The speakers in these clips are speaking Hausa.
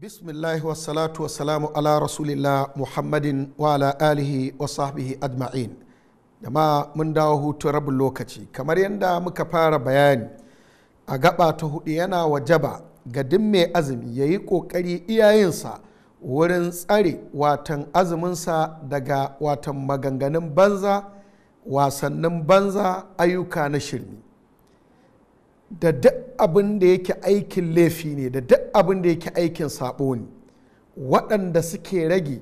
bismillahi wassalatu wassalamu ala rasulillah muhammadin wa ala alihi wa sahbihi ajma'in Dama mun dawo hutu rabin lokaci kamar yadda muka fara bayani a gaba ta hudu yana wajaba ga duk mai azumi ya yi kokari iyayensa wurin tsare watan azuminsa daga watan maganganun banza wasannin banza ayyuka na shirmi da duk abin da yake aikin laifi ne da duk abin da yake aikin sabo ne waɗanda suke rage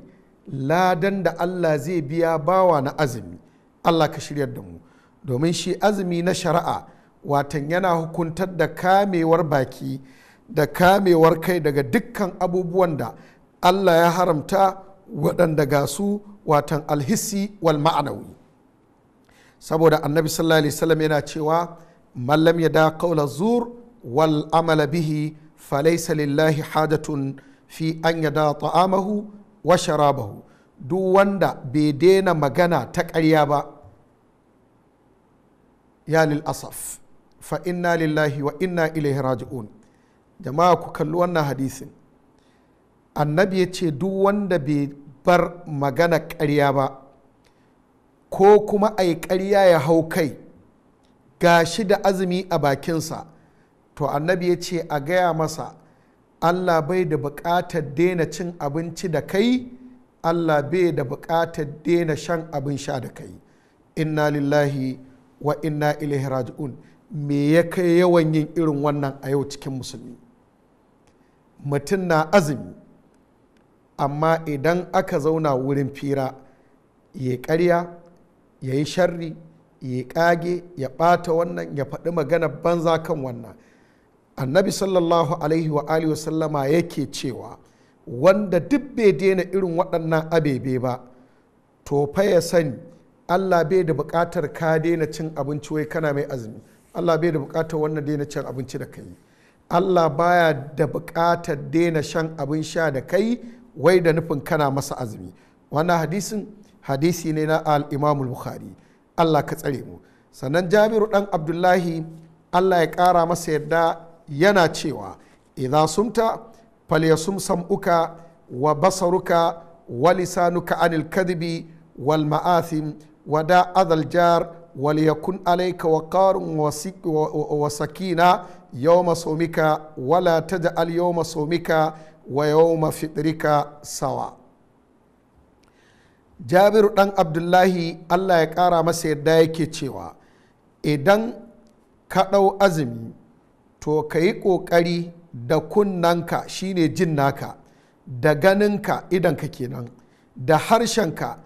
ladan da Allah zai biya bawa na azumi Allah ka shirya da mu domin shi azumi na shari'a watan yana hukuntar da kamewar baki da kamewar kai daga dukkan abubuwan da Allah ya haramta waɗanda ga su watan alhissi wal ma'anawi saboda annabi sallallahu alaihi wasallam yana cewa Mallam lam yada qawla zur wal amala bihi falaysa lillahi hajatun fi an yada ta'amahu wa sharabahu duk wanda bai daina magana ta ƙarya ba ya lil asaf fa inna lillahi wa inna ilaihi raji'un jama'a ku kalli wannan hadisin annabi ya ce duk wanda bai bar magana ƙarya ba ko kuma ai ƙarya ya hau kai ga shi da azumi a bakinsa to annabi ya ce a gaya masa allah bai da buƙatar daina cin abinci da kai allah bai da buƙatar daina shan abin sha da kai inna lillahi wa inna ilaihi raji'un me ya kai yawan yin irin wannan a yau cikin musulmi mutum na azumi amma idan aka zauna wurin fira ya karya ya yi sharri ya kage ya bata wannan ya faɗi magana banza kan wannan annabi sallallahu alaihi wa alihi wa sallama yake cewa wanda duk bai daina irin waɗannan abebe ba to fa ya sani allah bai da buƙatar ka daina cin abinci wai kana mai azumi allah bai da buƙatar wannan daina cin abinci da kai allah baya da buƙatar daina shan abin sha da kai wai da nufin kana masa azumi wannan hadisin hadisi ne na al-imamul bukhari allah ka tsare mu sannan jabiru dan abdullahi allah ya ƙara masa yadda yana cewa idan sumta falyasum sam'uka wa basaruka wa lisanuka anil kadhibi wal ma'athim wa da adal jar wal yakun alayka waqarun wa sakina yawma sawmika wala taj'al yawma sawmika wa yawma fitrika sawa' jabiru dan abdullahi allah ya kara masa yadda yake cewa idan ka ɗau azumi to ka yi ƙoƙari da kunnanka shine jin naka da ganinka idanka kenan da harshenka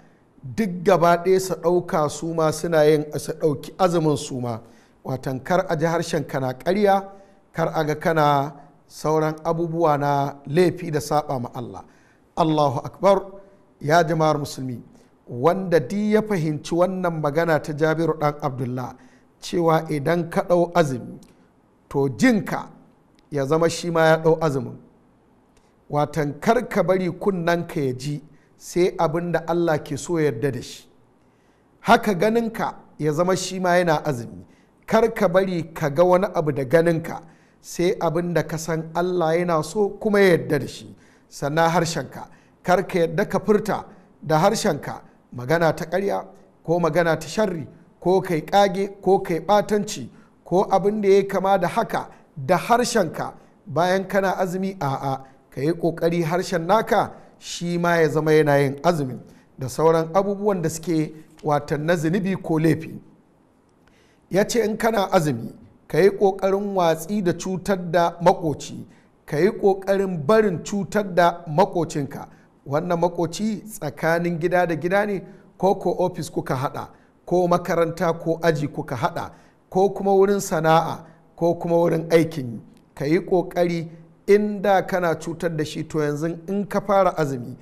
duk gaba ɗaya su ɗauka su ma suna yin su ɗauki azumin su ma watan kar a ji harshenka na ƙarya kar a ga kana sauran abubuwa na laifi da saba ma Allah Allahu akbar ya jama'ar musulmi wanda di ya fahimci wannan magana ta jabiru dan abdullah cewa idan ka ɗau azumi to jinka ya zama shi ma ya ɗau azumin watan kar ka bari ka ya ji sai abin da allah ke so yarda da shi haka ganinka ya zama shi ma yana azumi kar ka bari ka ga wani abu da ganinka sai abin da ka san allah yana so kuma ya yarda da shi sannan ka. kar ka yadda ka furta da harshenka magana ta ƙarya ko magana ta sharri ko kai ƙage ko kai ɓatanci ko abin da ya kama da haka da harshenka bayan kana azumi a'a ka yi ƙoƙari harshen naka shi ma ya zama yana yin azumi. da sauran abubuwan da suke watan na zunubi ko laifi ya ce in kana azumi ka yi ƙoƙarin watsi da cutar da makoci ka yi ƙoƙarin barin cutar da makocinka wannan makoci tsakanin gida da gida ne ko ko ofis kuka hada ko makaranta ko aji kuka hada ko kuma wurin sana'a ko kuma wurin aikin yi ka yi kokari inda kana cutar da shi to yanzu in ka fara azumi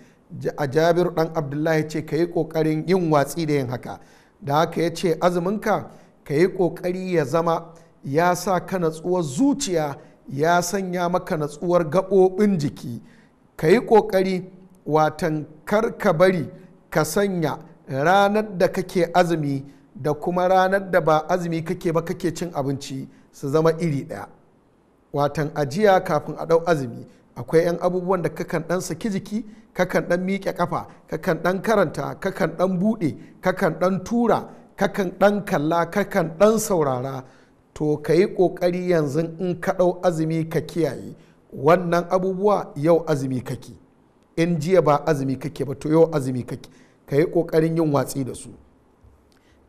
a jabiru dan abdullahi ce ka yi kokarin yin watsi da yin haka da haka ya ce azuminka ka yi kokari ya zama ya sa ka natsuwar zuciya ya sanya maka natsuwar gaɓoɓin jiki ka yi kokari watan kar ka bari ka sanya ranar da kake azumi da kuma ranar da ba azumi kake ba kake cin abinci su zama iri ɗaya watan ajiya kafin a ɗau azumi akwai 'yan abubuwan da kakan ɗan saki jiki kakan ɗan miƙe ƙafa kakan ɗan karanta kakan ɗan buɗe kakan ɗan tura kakan ɗan kalla kakan ɗan saurara to ka yi ƙoƙari yanzu in ka ɗau azumi ka kiyaye wannan abubuwa yau azumi kake in jiya ba azumi kake ba to yau azumi kake ka yi kokarin yin watsi da su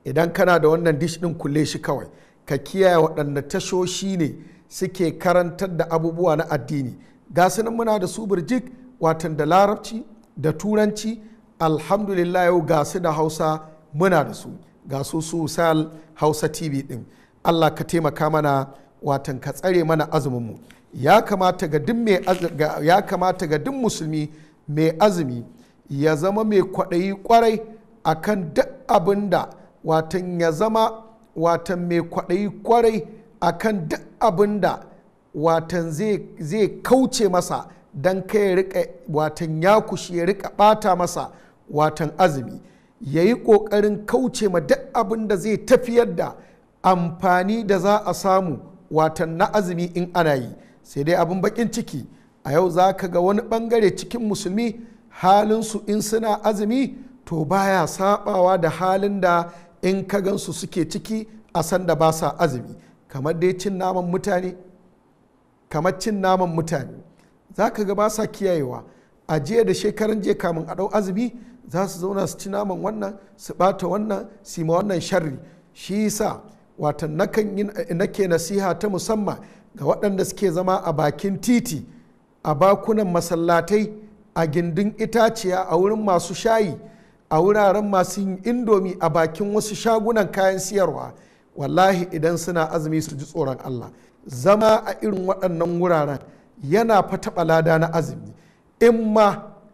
idan kana da wannan dish din kulle shi kawai ka kiyaye waɗanda tashoshi ne suke karantar da abubuwa na addini ga nan muna da su birjik watan da larabci da turanci alhamdulillah yau ga su da hausa muna da su ga su su sal hausa tv din allah ka taimaka mana watan ka tsare mana azumin mu ya kamata ga duk musulmi mai azumi ya zama mai kwaɗayi kwarai akan duk abin da watan ya zama watan mai kwaɗayi kwarai akan duk abin da watan zai kauce masa don kai ya rika watan ya kushi ya rika bata masa watan azumi ya yi ƙoƙarin kauce ma duk abin da zai tafiyar da amfani da za a samu watan na azumi in ana yi sai dai abin bakin ciki a yau za ka ga wani bangare cikin musulmi halinsu in suna azumi to baya sabawa da halin da in ka gansu suke ciki a sanda ba sa azumi kamar dai cin naman mutane kamar cin naman mutane za ka ga ba sa kiyayewa a jiya da shekaran jiya kamun a ɗau azumi za su zauna su ci naman wannan su ɓata wannan su ma wannan sharri shi sa watan nake nasiha ta musamman ga waɗanda suke zama a bakin titi a bakunan masallatai a gindin itaciya a wurin masu shayi a wuraren masu yin indomi a bakin wasu shagunan kayan siyarwa wallahi idan suna azumi su ji tsoron Allah zama a irin waɗannan wuraren yana fataɓa lada na azumi in ma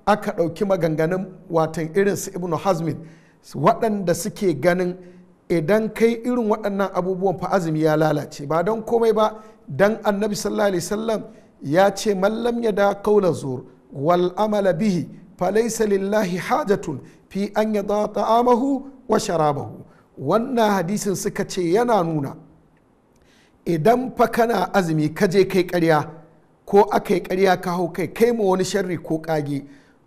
aka ɗauki maganganun watan irin su ibnu hazmin waɗanda suke ganin idan kai irin waɗannan abubuwan fa azumi ya lalace ba don komai ba don annabi sallallahu alaihi wasallam ya ce mallam ya da kaula zur wal amala bihi falaisa lillahi hajatun fi an ya da ta'amahu wa sharabahu wannan hadisin suka ce yana nuna idan fa kana azumi ka je kai karya ko aka yi karya ka hau kai kai ma wani sharri ko kage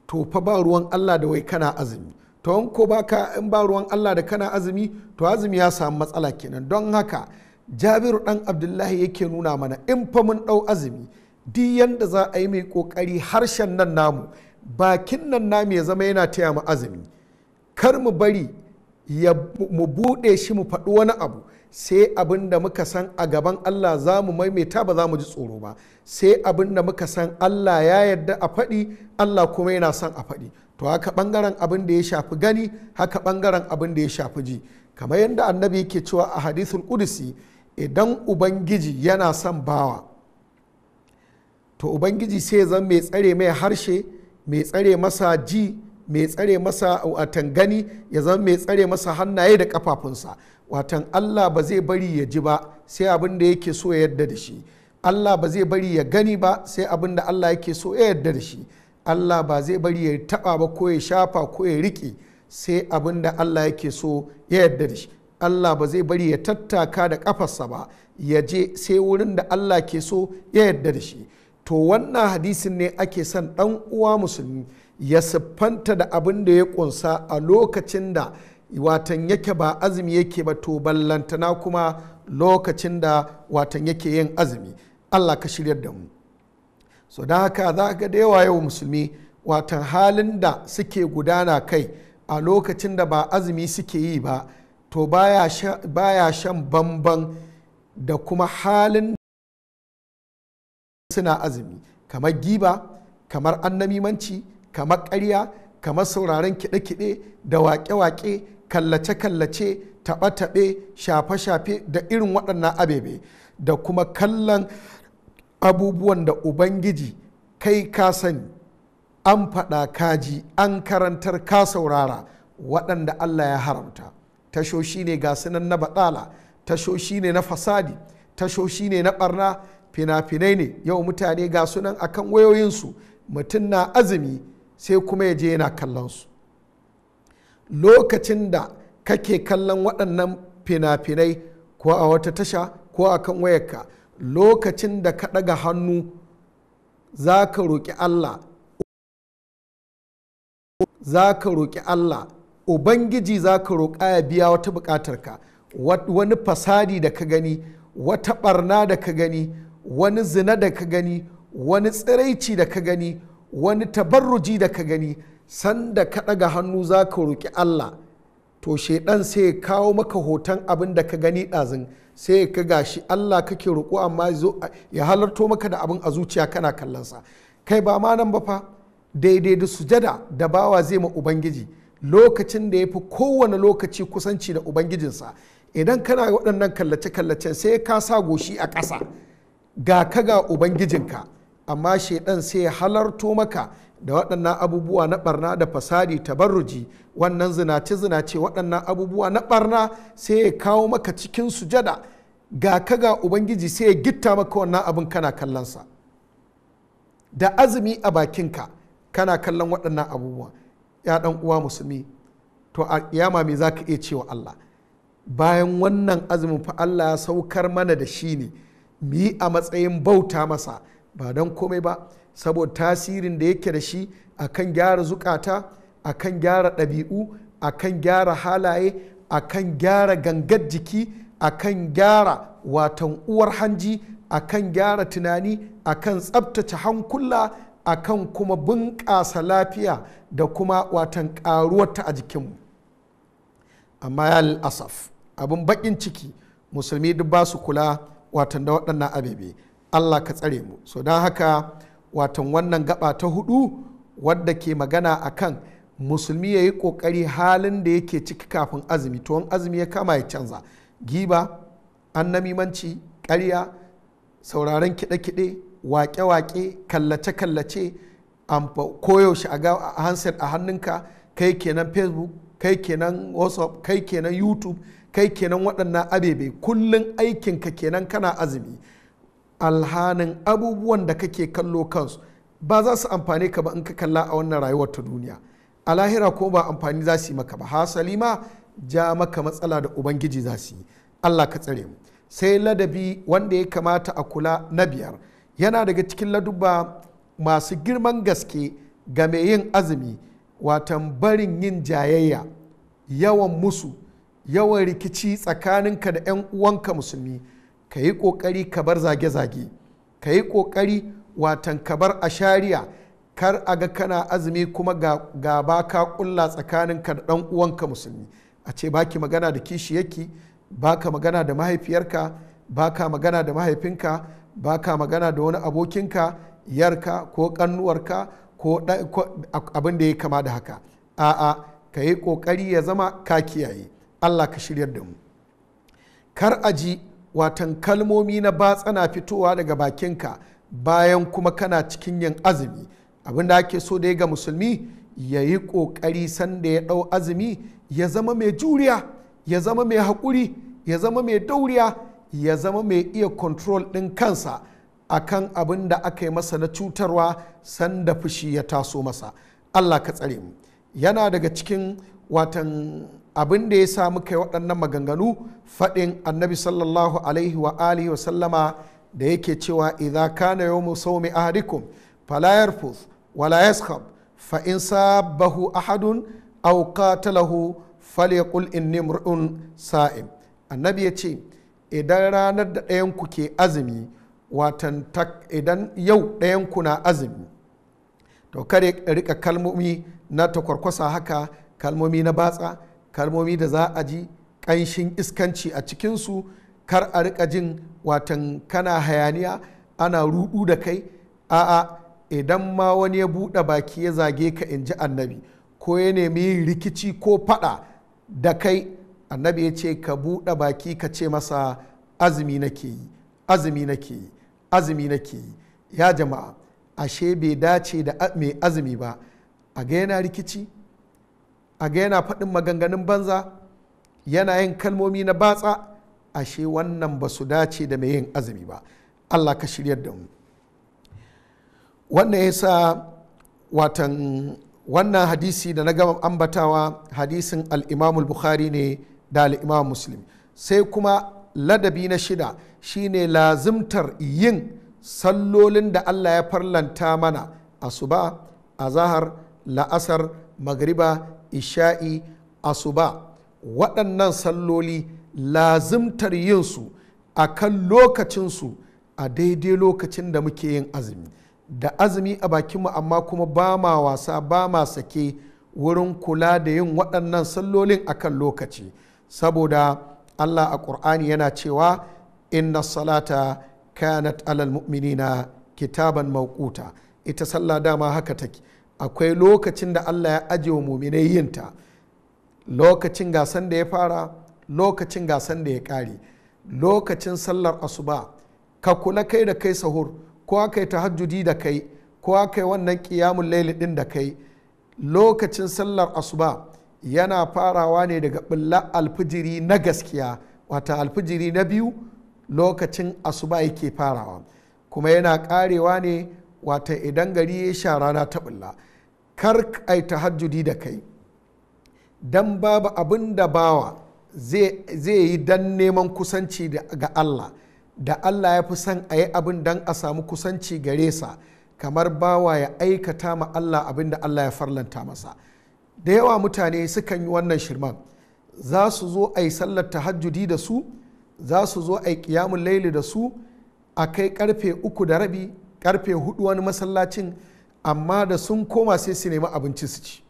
to fa ba ruwan allah da wai kana azumi to in ko baka in ba ruwan allah da kana azumi to azumi ya samu matsala kenan don haka jabiru dan abdullahi yake nuna mana in fa mun dau azumi duk yadda za a yi mai kokari harshen nan namu bakin nan namu ya zama yana taya mu azumi kar mu bari ya mu buɗe shi mu faɗi wani abu sai abin da muka san a gaban Allah za mu maimaita ba za mu ji tsoro ba sai abin da muka san Allah ya yarda a faɗi Allah kuma yana son a faɗi to haka ɓangaren abin da ya shafi gani haka ɓangaren abin da ya shafi ji kamar yadda annabi yake cewa a hadithul kudusi idan ubangiji yana son bawa to ubangiji sai zan mai tsare mai harshe mai tsare masa ji mai tsare masa watan gani ya zan mai tsare masa hannaye da kafafunsa watan allah ba zai bari ya ji ba sai abin da yake so ya yadda da shi allah ba zai bari ya gani ba sai abin da allah yake so ya yadda da shi allah ba zai bari ya taba ba ko ya shafa ko ya riƙe sai abin da allah yake so ya yadda da shi allah ba zai bari ya tattaka da kafarsa ba ya je sai wurin da allah ke so ya yadda da shi to wannan hadisin ne ake son ɗan uwa musulmi ya siffanta da abin da ya ƙunsa a lokacin da watan yake ba azumi yake ba to ballantana kuma lokacin da watan yake yin azumi allah ka shiryar da mu so don haka za ga da yawa yau musulmi watan halin da suke gudana kai a lokacin da ba azumi suke yi ba to baya shan bamban da kuma halin suna azumi kamar giba kamar annamimanci kamar ƙarya kamar sauraron kiɗe-kiɗe da waƙe-waƙe kallace-kallace taɓe-taɓe shafe-shafe da irin waɗannan abebe da kuma kallon abubuwan da ubangiji kai ka sani an faɗa kaji an karantar ka saurara waɗanda allah ya haramta tashoshi ne ga sunan na baɗala tashoshi ne na fasadi tashoshi ne na ɓarna fina-finai ne yau mutane ga sunan akan wayoyinsu mutum na azumi sai kuma ya je yana kallon su lokacin da kake kallon waɗannan fina-finai ko a wata tasha ko a kan wayarka lokacin da ka ɗaga hannu za ka roƙi allah za ka roƙi allah ubangiji za ka roƙa ya biya wata buƙatarka wani fasadi da ka gani wata ɓarna da ka gani wani zina da ka gani wani tsiraici da ka gani wani tabarruji da ka gani sanda ka ɗaga hannu za ka roƙi allah to shaidan sai ya kawo maka hoton abin da ka gani ɗazin sai ka gashi allah kake roƙo amma ya halarto maka da abin a zuciya kana kallonsa kai ba ma nan ba fa daidai da sujada da bawa zai ma ubangiji lokacin da ya fi kowane lokaci kusanci da ubangijinsa idan kana waɗannan kallace-kallacen sai ka sa goshi a ƙasa ga ka ga ubangijinka amma shaidan sai ya halarto maka da waɗannan abubuwa na barna da fasadi tabarruji wannan zinace-zinace waɗannan abubuwa na barna sai ya kawo maka cikin sujada ga ka ga ubangiji sai ya gitta maka wannan abin kana kallonsa da azumi a bakinka kana kallon waɗannan abubuwa ya ɗan uwa musulmi to a kiyama me za ka iya cewa allah bayan wannan azumin fa allah ya saukar mana da shi ne mu yi a matsayin bauta masa ba don komai ba saboda tasirin da yake da shi a kan gyara zukata kan gyara ɗabi'u a kan gyara halaye a kan gyara gangar jiki a kan gyara watan uwar hanji a kan gyara tunani a kan tsabtace hankula a kan kuma bunƙasa lafiya da kuma watan ƙaruwarta a jikinmu amma ya asaf abin baƙin ciki musulmi duk ba su kula watan da waɗannan abebe allah ka tsare mu so don haka watan wannan gaba ta hudu wadda ke magana a kan musulmi ya yi ƙoƙari halin da yake ciki kafin azumi tuwon azumi ya kama ya canza giba annamimanci karya sauraron kiɗe-kiɗe waƙe-waƙe kallace-kallace koyaushe a handset a hannunka kai kenan facebook kai kenan whatsapp kai kenan youtube kai kenan waɗannan abebe kullum aikinka kenan kana azumi alhanin abubuwan da kake kallo kansu ba za su amfani ka ba in ka kalla a wannan rayuwar ta duniya a lahira ko ba amfani za su yi maka ba hasali ma ja maka matsala da ubangiji za su yi allah ka tsare mu sai ladabi wanda ya kamata a kula na biyar yana daga cikin laduba masu girman gaske game yin azumi watan barin yin jayayya yawan musu yawan rikici tsakaninka da 'yan uwanka musulmi ka yi ƙoƙari ka bar zage-zage ka yi ƙoƙari watan ka bar a shari'a kar a ga kana azumi kuma ga ba ka ƙulla tsakaninka da ɗan uwanka musulmi a ce ba ki magana da ba ka magana da mahaifiyarka ba ka magana da mahaifinka ba ka magana da wani abokinka yarka ko ƙannuwarka ko abin da ya kama da haka a'a ka yi ƙoƙari ya zama ka kiyaye allah ka shiryar da mu kar a ji watan kalmomi na batsana fitowa daga bakinka bayan kuma kana cikin yin azumi abinda ake so da ya ga musulmi ya yi ƙoƙari sanda ya ɗau azumi ya zama mai juriya ya zama mai haƙuri ya zama mai dauriya ya zama mai iya control ɗin kansa akan abin da aka yi masa na cutarwa sanda fushi ya taso masa allah ka tsare mu yana daga cikin watan abin da ya sa muka yi waɗannan maganganu faɗin annabi sallallahu alaihi wa alihi wa sallama da yake cewa idza kana yawmu sawmi ahadikum fala yarfuth wala yaskhab fa in sabbahu ahadun aw qatalahu falyaqul inni mur'un sa'im annabi ya ce idan ranar da ɗayan ku ke azumi watan idan yau ɗayan ku na azumi to kare rika kalmomi na takwarkwasa haka kalmomi na batsa kalmomi da za a ji ƙanshin iskanci a cikinsu kar a rika jin watan kana hayaniya ana ruɗu da kai a'a idan ma wani ya buɗe baki ya zage ka in ji annabi ko ya nemi rikici ko faɗa da kai annabi ya ce ka buɗe baki ka ce masa azumi nake yi azumi nake yi azumi nake yi ya jama'a ashe bai dace da mai azumi ba a ga yana rikici a ga yana faɗin maganganun banza yana yin kalmomi na batsa ashe wannan ba su dace da mai yin azumi ba allah ka shiryar da mu wannan ya sa watan wannan hadisi da na gama ambatawa hadisin al'imamul bukhari ne da al'imam muslim sai kuma ladabi na shida shine lazimtar yin sallolin da allah ya farlanta mana asuba azahar la'asar magriba isha'i asuba waɗannan salloli lazimtar yinsu a kan lokacinsu a daidai lokacin da muke yin azumi da azumi a bakinmu amma kuma ba ma wasa ba ma sake wurin kula da yin waɗannan sallolin a kan lokaci saboda allah a ƙur'ani yana cewa inna salata kanat alal mu'minina kitaban mawquta ita sallah dama haka take akwai lokacin da allah ya aje wa muminai ta. lokacin gasan da ya fara lokacin gasan da ya kare lokacin sallar asuba ka kula kai da kai sahur ko kai tahajjudi da kai ko kai wannan ƙiyamun laili ɗin da kai lokacin sallar asuba yana farawa ne daga bulla alfijiri na gaskiya wata alfijiri na biyu lokacin asuba yake farawa kuma yana ƙarewa ne wata idan gari ya sha rana ta bulla kar ai tahajjudi da kai dan babu abin da bawa zai yi dan neman kusanci ga Allah da Allah ya fi son a yi abin dan a samu kusanci gare sa kamar bawa ya aikata ma Allah abin da Allah ya farlanta masa da yawa mutane sukan yi wannan shirman za su zo a yi sallar tahajjudi da su za su zo a yi laili da su a kai karfe uku da rabi karfe hudu wani masallacin amma da sun koma sai su nemi abinci su ci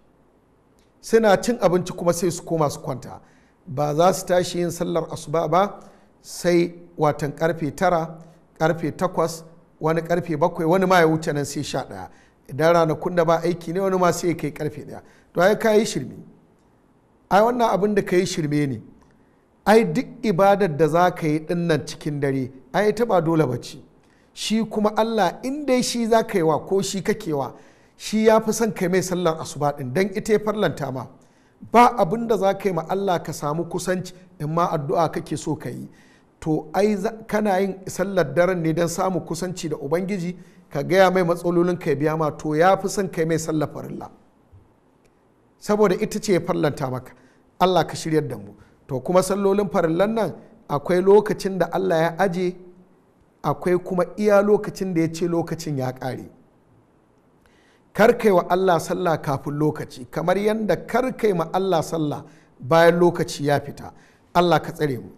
suna cin abinci kuma sai su koma su kwanta ba za su tashi yin sallar asuba ba sai watan karfe tara karfe takwas wani karfe bakwai wani ma ya wuce nan sai sha ɗaya idan ranakun da ba aiki ne wani ma sai ya kai karfe ɗaya to ai ka yi shirme ai wannan abin da ka yi shirme ne ai duk ibadar da za ka yi ɗinnan cikin dare ai ta ba dole ba ce shi kuma Allah in dai shi za ka yi wa ko shi ke wa shi ya fi son kai mai sallar asuba ɗin don ita ya farlanta ma ba abin da za ka yi ma Allah ka samu kusanci in ma addu'a kake so ka yi to ai kana yin sallar daren ne don samu kusanci da ubangiji ka gaya mai matsalolin ka biya ma to ya fi son kai mai sallar farilla saboda ita ce ya farlanta maka Allah ka shiryar da mu to kuma sallolin farillan nan akwai lokacin da Allah ya aje akwai kuma iya lokacin da ya ce lokacin ya ƙare karkaiwa Allah sallah kafin lokaci kamar yadda karkaima Allah sallah bayan lokaci ya fita Allah ka tsare mu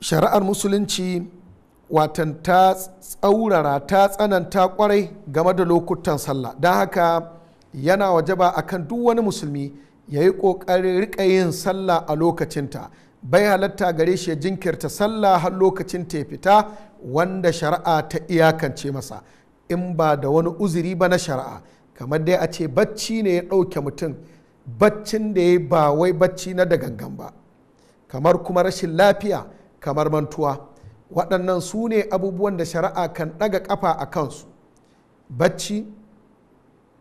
shari'ar musulunci watan ta tsaurara ta tsananta kwarai game da lokutan sallah don haka yana wajaba akan duk wani musulmi ya yi ƙoƙarin riƙa yin sallah a lokacinta bai halatta gare shi ya jinkirta sallah har lokacin ta fita wanda shari'a ta iyakance masa in ba da wani uzuri ba na shari'a kamar dai a ce bacci ne ya ɗauke mutum baccin da ya ba wai bacci na da gangan ba kamar kuma rashin lafiya kamar mantuwa waɗannan su ne abubuwan da shari'a kan ɗaga ƙafa a kansu bacci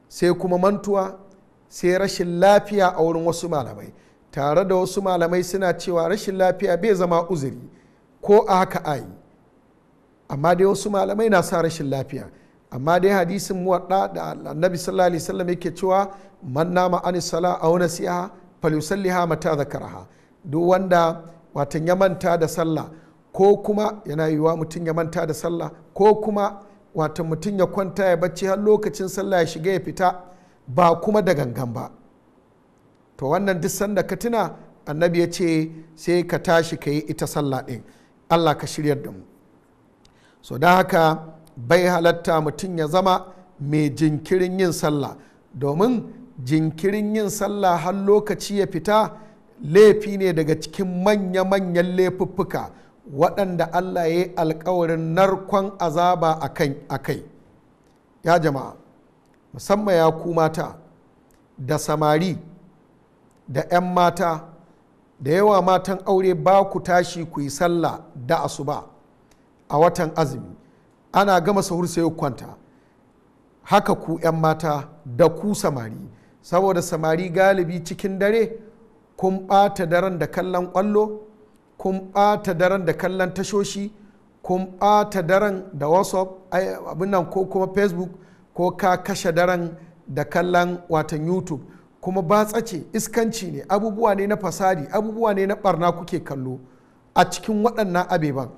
sai kuma mantuwa sai rashin lafiya a wurin wasu malamai tare da wasu malamai suna cewa rashin lafiya bai zama uzuri ko a haka a yi amma dai wasu malamai na sa rashin lafiya amma dai hadisin muwadda da annabi sallallahu alaihi wasallam yake cewa man nama an sala aw nasiha falyusalliha mata zakaraha duk wanda watan ya manta da sallah ko kuma yana yiwuwa mutum ya manta da sallah ko kuma watan mutum ya kwanta ya bacci har lokacin sallah ya shiga ya fita ba kuma da gangan ba to wannan duk sanda ka tuna annabi ya ce sai ka tashi ka yi ita sallah ɗin allah ka shiryar da mu so da haka bai halatta mutum ya zama mai jinkirin yin sallah domin jinkirin yin sallah har lokaci ya fita laifi ne daga cikin manya-manyan laifuffuka waɗanda allah ya yi alkawarin narkon azaba a kai ya jama'a musamman ya ku mata da samari da 'yan mata da yawa matan aure ba ku tashi ku yi sallah da asuba a watan azumi ana gama sahur sai kwanta haka ku 'yan mata da ku samari saboda samari galibi cikin dare kun ɓata daren da kallon ƙwallo kun ɓata daren da kallon tashoshi kun ɓata daren da whatsapp abin nan ko kuma facebook ko ka kashe daren da kallon watan youtube kuma batsa ce iskanci ne abubuwa ne na fasadi abubuwa ne na barna kuke kallo a cikin waɗannan abeban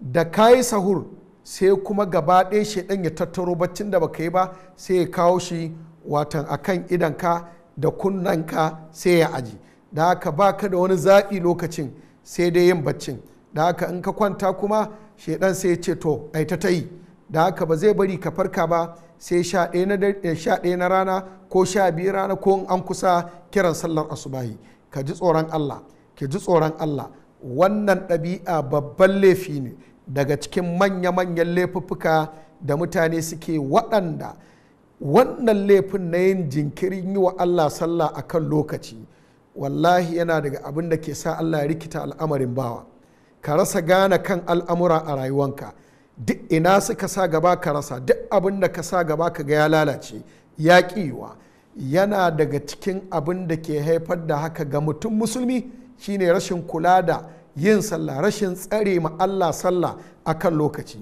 da kayi sahur sai kuma gaba ɗaya shaidan ya tattaro baccin da baka yi ba sai ya kawo shi watan akan idanka da kunnanka sai ya aji da haka baka da wani zaɓi lokacin sai dai yin baccin da haka in ka kwanta kuma shaidan sai ya ce to ai ta yi da haka ba zai bari ka farka ba sai eh, sha ɗaya na rana ko sha biyu rana ko an kusa kiran sallar asubahi ka ji tsoron allah ki ji tsoron allah wannan ɗabi'a babban laifi ne daga cikin manya-manyan laifuffuka da mutane suke waɗanda wannan laifin na yin jinkirin yi wa allah sallah a kan lokaci wallahi yana daga abin da ke sa allah ya rikita al'amarin bawa ka rasa gane kan al'amura a rayuwanka duk ina suka sa gaba ka rasa duk abin da ka sa gaba ka ga ya lalace ya kiwa yana daga cikin abin da ke haifar da haka ga mutum musulmi shine rashin kula da yin sallah rashin tsare ma Allah sallah akan lokaci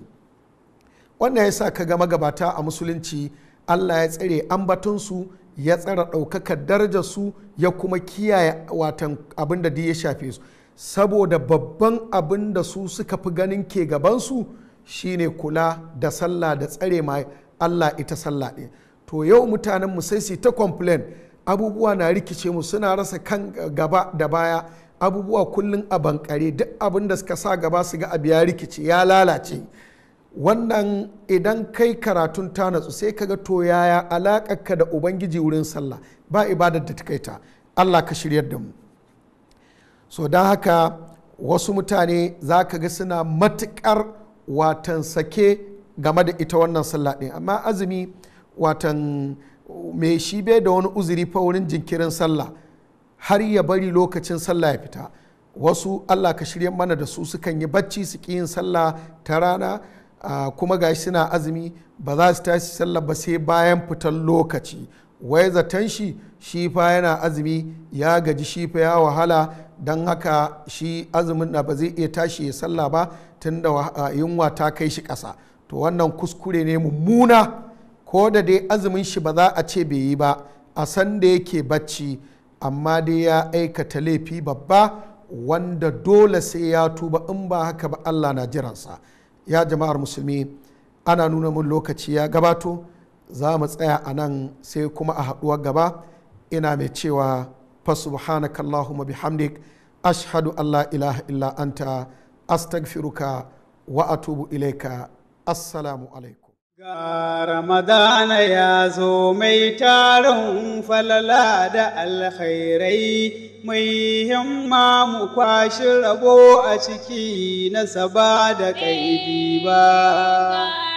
wannan ya sa ka ga magabata a musulunci Allah ya tsare su ya tsara ɗaukakar su ya kuma kiyaye watan abinda da ya shafe su saboda babban abin da su suka fi ganin ke gaban su. shine kula da sallah da tsare ma Allah ita sallah ɗin to yau mutanen mu sai su ta complain abubuwa na rikice mu suna rasa kan gaba da baya abubuwa kullum a bankare duk abin da suka sa gaba su ga abu ya rikice ya lalace wannan idan kai karatun ta natsu sai ka ga to yaya ka da ubangiji wurin sallah ba ibadar da ta kai ta allah ka shiryar da mu so don haka wasu mutane za ka ga suna matukar. watan sake game da ita wannan sallah ɗin amma azumi watan mai shi bai da wani uzuri fa wurin jinkirin sallah har ya bari lokacin sallah ya fita wasu allah ka shirya mana da su sukan yi bacci su ƙi yin sallah ta rana kuma gashi suna azumi ba za su tashi sallah ba sai bayan fitan lokaci wai zaton shi shi fa yana azumi ya gaji shi fa ya wahala don haka shi azumin na ba zai iya tashi ya sallah ba tunda da yunwa ta kai shi ƙasa to wannan kuskure ne mummuna ko da dai azumin shi ba za a ce bai yi ba a san da yake bacci amma dai ya aikata laifi babba wanda dole sai ya tuba in ba haka ba allah na jiransa ya jama'ar musulmi ana nuna mun lokaci ya gabato za mu tsaya a nan sai kuma a haɗuwar gaba ina mai cewa fa subhanakallahumma bihamdik ashhadu an la ilaha illa anta astagfiruka wa atubu ilaika assalamu alaikum ga ramadana ya zo mai tarin falala da alkhairai mai himma mu kwashi rabo a ciki na saba da kaidi ba